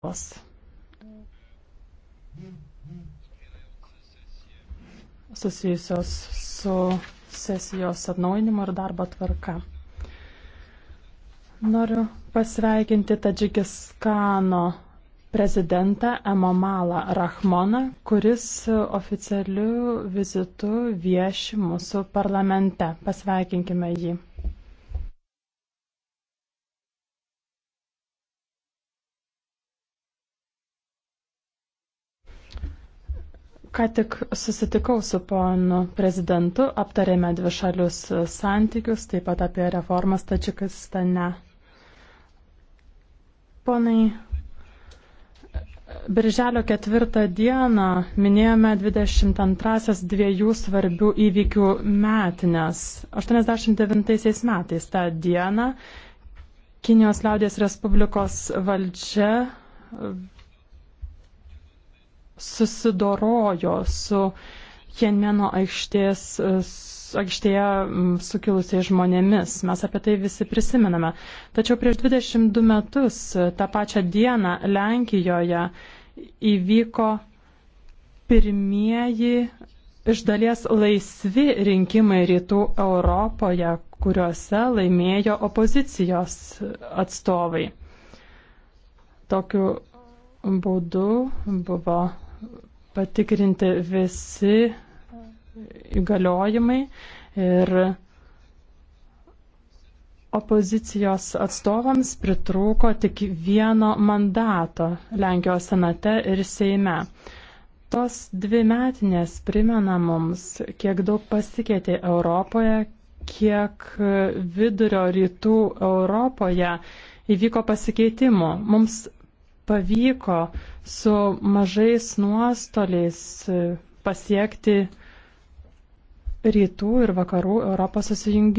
Os. susijusios su sesijos atnaujinimu ir darbo tvarka. Noriu pasveikinti Tadžikistano prezidentą Emomalą Rahmoną, kuris oficialiu vizitu vieši mūsų parlamente. Pasveikinkime jį. Ką tik susitikau su ponu prezidentu, aptarėme dvišalius santykius, taip pat apie reformas Tačikistane. Ponai, Birželio ketvirtą dieną minėjome 22-asias dviejų svarbių įvykių metinės. 89 metais tą dieną Kinijos liaudės Respublikos valdžia susidorojo su Jenmeno aikštės, aikštėje sukilusiais žmonėmis. Mes apie tai visi prisimename. Tačiau prieš 22 metus, tą pačią dieną Lenkijoje įvyko pirmieji iš dalies laisvi rinkimai rytų Europoje, kuriuose laimėjo opozicijos atstovai. Tokiu būdu buvo patikrinti visi įgaliojimai ir opozicijos atstovams pritrūko tik vieno mandato Lenkijos senate ir Seime. Tos dvi metinės primena mums, kiek daug pasikeitė Europoje, kiek vidurio rytų Europoje įvyko pasikeitimų. Mums pavyko su mažais nuostoliais e, pasiekti rytų ir vakarų Europos susijungimą.